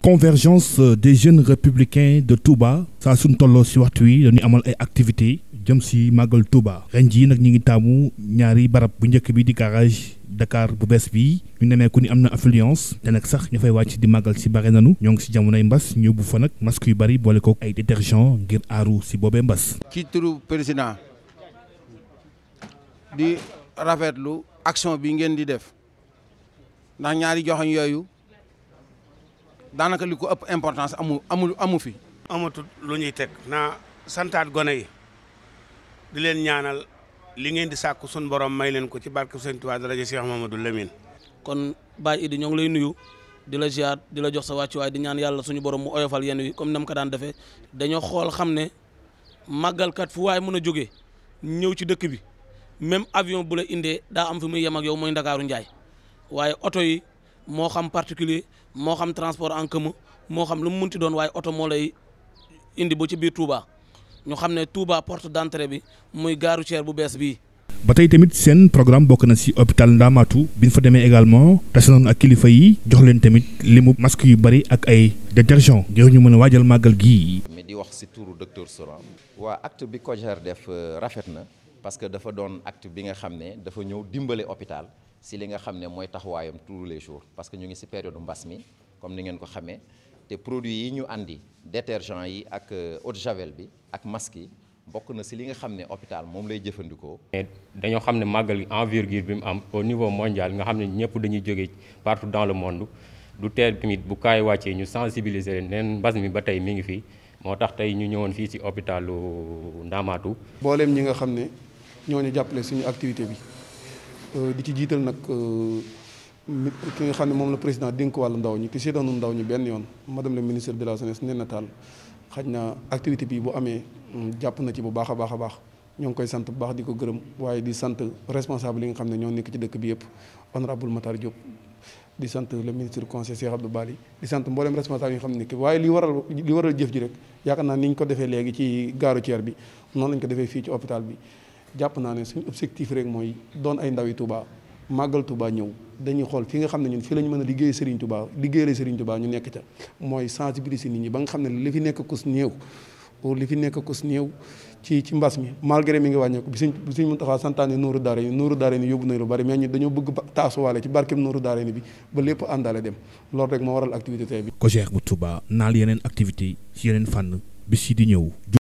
convergence euh, des jeune républicains de Touba saa suñ tolloo si waxtu wi dañuy amal ay activité jëm si màggal Touba ren jii nag ñu ngi taamu ñaari barab bu njëkk bi di garage Dakar bu bees bi ñu nemeeku ni am na affluence te nag sax ña fay wàcc di màggal si bare nanu ñoo ngi si jamonoy mbas ñu bu fa nag masque yu bari boole ko ay détergent ngir aaru si boobee mbas. ci turu président di rafetlu action bi ngeen di def ndax ñaari joxoñ yooyu. daanaka li ko ëpp importance amu amu amu fi. amatul lu ñuy teg naa santaat gone yi di leen ñaanal li ngeen di sàkku sun borom may leen ko ci barke Sëñ Tuubaa daraja Cheikh Mamadou Lamine. kon Baye Idi ñoo ngi lay nuyu di la ziar di la jox sa wàccuwaay di ñaan yàlla suñu borom mu oyofal yenn wi comme nam ko daan defee dañoo xool xam ne màggalkat fu waaye mën a jógee ñëw ci dëkk bi même avion bu la indee daa am fi muy yem ak yow mooy Ndakaaru Njaay waaye oto moo xam particulier moo xam transport en commun moo xam lu mu munti doon waaye oto moo lay indi ba ci biir Touba ñu xam ne Touba porte d'entrée bi muy gare routière bu bees bii. ba tey tamit seen programme bokk na ci hôpital Ndamatou bi ñu fa demee également tase noonu ak kilifa yi jox leen tamit li mu masque yu bari ak ay détergent ngir ñu mën a waajal màggal gii. mais di wax ci turu docteur Soran. waa acte bi COJER def euh, rafet na parce que dafa doon acte bi nga xam ne dafa ñëw dimbale hôpital. si li nga xam ne mooy taxawaayam tous les jours parce que ñu ngi si période mbas mi comme ni ngeen ko xamee te produits yi ñu indi détergent yi ak euh, eau de javel bi ak masque yi bokk na si li nga xam ne hôpital moom lay jëfandikoo. mais dañoo xam ne màggal envergure bi mu am au niveau mondial nga xam ne ñëpp dañuy jógee partout dans le monde du teel tamit bu kaay wàccee ñu sensibiliser leen mbas mi ba tey mi ngi fi moo tax tey ñu ñëwoon fii si hôpitalu Ndamatou. mboolem ñi nga xam ne ñoo ñu jàppale suñu activité bi. Euh, di ci jiital nag euh, ki nga xam ne moom la président dénk wàllu ndaw ñi te seetaanu ndaw ñi benn yoon madame la ministre de la jeunesse Néné Tall xaj na activité bi bu amee mm, jàpp na ci bu baax a baax a baax ñoo ngi koy sant bu baax di ko gërëm waaye di sant responsable yi nga xam ne ñoo nekk ci dëkk bi yëpp honorable Matar Diop di sant le ministre conseil Cheikh Abdou Bali di sant mboolem responsable yi nga xam ne waaye li waral li waral jëf ji rek yaakaar naa ni ñu ko defee léegi ci gaaru bi noonu lañ ko defee fii ci hôpital bi jàpp naa ne suñu objectif rek mooy doon ay ndawi tubaa màggal tubaa ñëw dañuy xool fi nga xam ne ñun fi lañu mën a liggéey Serigne Touba liggéeyale Serigne Touba ñu nekk ca mooy sensibiliser nit ñi ba nga xam ne li fi nekk kus néew li fi nekk kus néew ci ci mbas mi malgré mi ngi wàññeeku suñ bi suñ Mountakha santaane Nuuru Daarayni Nuuru Daarayni yóbbu nañ lu bari mais ñun dañoo bëgg taasuwaale ci barkeb Nuuru Daarayni bi ba lépp àndaale dem loolu rek moo waral activité tey bi. seex bu tubaa naa yeneen activité ci yeneen fànn bis di ñëw.